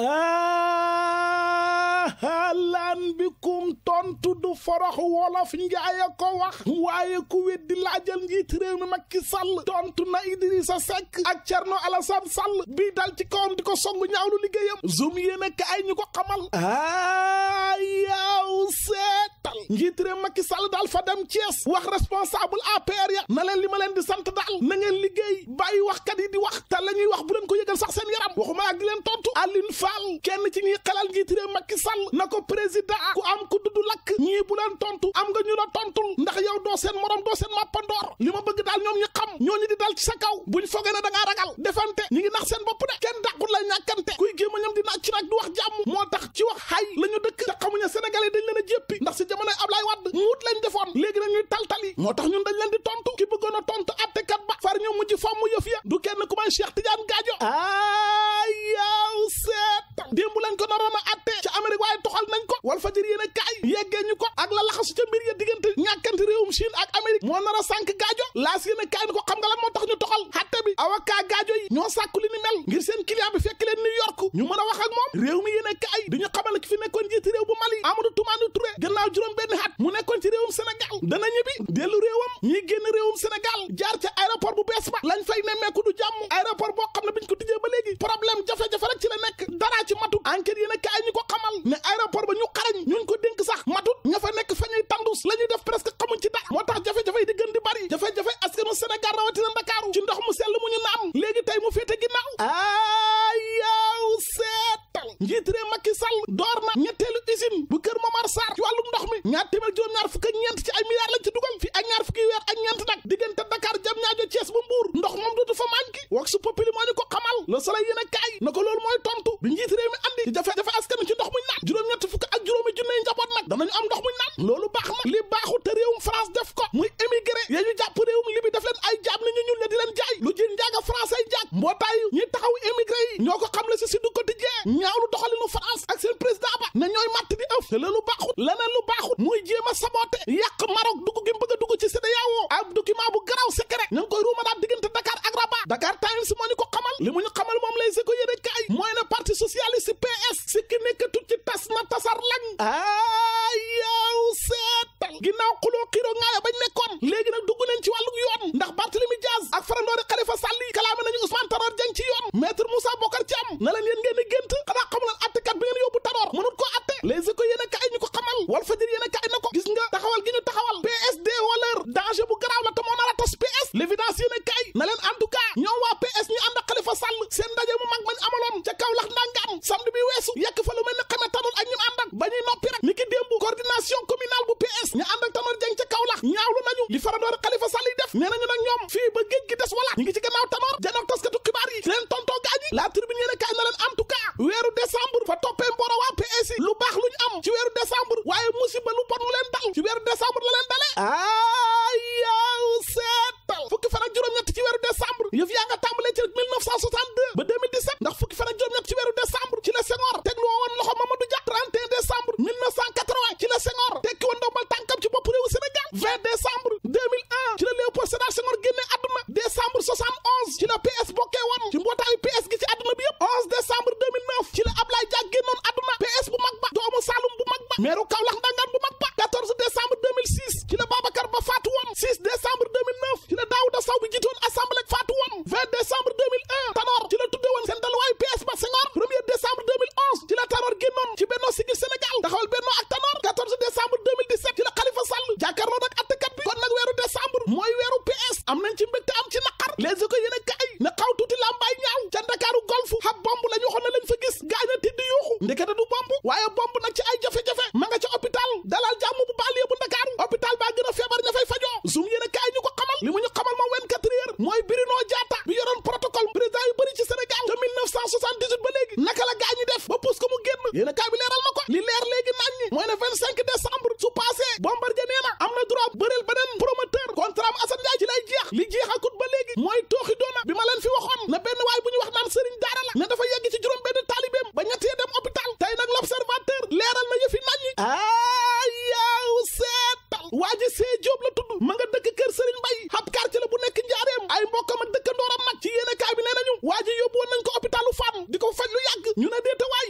ahlan bikum du foroxu wolof njaay a ko wax waaye ku weddi laajal njiit réew mi Macky Sall tontu na Idrissa Seck ak Thierno Alassane Sall bii dal ci kawam di ko song ñaawlu liggéeyam zoom yéene ka ay ñu ko xamal a yaw seetal njiit réew Macky Sall daal fa dem Thiès wax responsable APR ya na leen li ma leen di sant daal na ngeen liggéey bàyyi kat yi di wax te la ñuy wax bu leen ko yëgal sax seen yaram waxuma ak di leen tontu Aline Fall kenn ci ñuy xelal njiit réew Macky Sall na ko ñii bu leen tontu am nga ñu la tontul ndax yow doo seen morom doo seen màppandoor li ma bëgg daal ñoom ñu xam ñooñu di dal ci sa kaw buñ foogee ne da ragal defante ñi ngi nax seen bopp de kenn dàqul la ñàkkante kuy gémmañam di naaj ci nag du wax jàmm moo tax ci wax xay la dëkk te xamuñu sénégalais dañ leen a jéppi ndax si jamonoy Ablaye Wade muut lañ defoon léegi nag ñuy taltali moo tax ñun dañ leen di tontu ki bëggoon a tontu attekat ba a wal fajëri yéen a kaay yeggee ñu ko ak la laxasu ca mbir ya diggante ñàkkante réewum Chine ak Amérique moo nar a gaajo laas yéen a kaay ko xam nga lan moo tax ñu toxal xatte bi avocat gaajo yi ñoo sàkku ni mel ngir seen client bi fekk leen New York ñu mën a wax ak moom réew mi yéen a kaay dañu xamal fi nekkoon njiiti réew bu Mali Amadou Toumani Touré gannaaw juróom benn xat mu nekkoon ci réewum Sénégal dana ñibbi dellu réewam ñiy génn réewum Sénégal a rapport ba ñu xarañ ñuñ ko dénk sax matut ña fa nekk fa ñuy tandus la ñuy def presque xamuñ ci dara moo tax jafe-jafe yi di gën di bari jafe-jafe askanu Sénégal rawatina Ndakaaru ci ndox mu sell mu ñu naan léegi tey mu féete ginnaaw aa seetal njiit réew Macky Sall door na ñetteelu usine bu kër Momar Sarr ci wàllum ndox mi ñaar téeméer juróom-ñaar fukk ñeent ci ay milliards lañ ci dugal fi ak ñaar fukki weer ak ñeent nag diggante Dakar jam ñaajo Thiès bu Mbuur ndox moom dudu fa manki juróomi junney njaboot nag danañu am ndox mu naan loolu baax na li baaxu te réewum France def ko muy émigré ya jàpp réewum libi def leen ay jaam ni ñu ñun la di leen jaay lu ji njaaga France jaag mbootaay ñi taxaw émigré yi ñoo ko xam le si si du quotidien ñaaw lu doxalinu France ak seen président ba na ñooy matt di ëf te lu baaxut leneen lu baaxut muy jéem a yàq Maroc dugg gi bëgg a dugg ci CEDEAO ab document bu ci am na leen yéen ngeen Samb ak Fatou Wam 20 décembre 2001 Tanor ci la tudde woon seen dalwaay PS ba Senghor 1er décembre ci la Tanor génnoon ci Benno Siggil Sénégal taxawal Benno ak Tanor 14 décembre 2017 ci la Khalifa Sall jàkkaarloo nag attekat bi kon nag weeru décembre mooy weeru PS am nañ ci mbégte am ci naqar les écoles yéen a kaay na xaw tuuti ñaaw ca Ndakaaru golf xam bomb la ñu waxoon fa gis gaañ a tiddi yuuxu ndekete du Pro bëreel beneen promoteur contrat am Assane Ndiaye ci lay jeex li jeexakut ba léegi mooy tooxi doona bi ma leen fi waxoon na benn waay bu ñu wax naan sëriñ daara la ne dafa yegg ci juróom benn taalibeem ba ñettee dem hôpital tey nag l'observateur leeral na yëfi nañ ñi aa yaaw seetal waa ji see jóob la tudd ma nga dëkk kër sëriñ Mbay ab quartier la bu nekk njaareem ay mbokkam ak dëkkandooram nag ci yéene kaay nañu waa ji yóbbu nañ ko hôpitalu Fann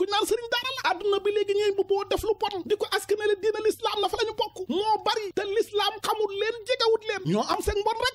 ku naan sëriñ daara la àdduna bi léegi ñooy mbubboo def lu bon di ko askanale diina lislaam la fa la ñu bokk moo bari te lislaam xamul leen jegewut leen ñoo am seen mbon rek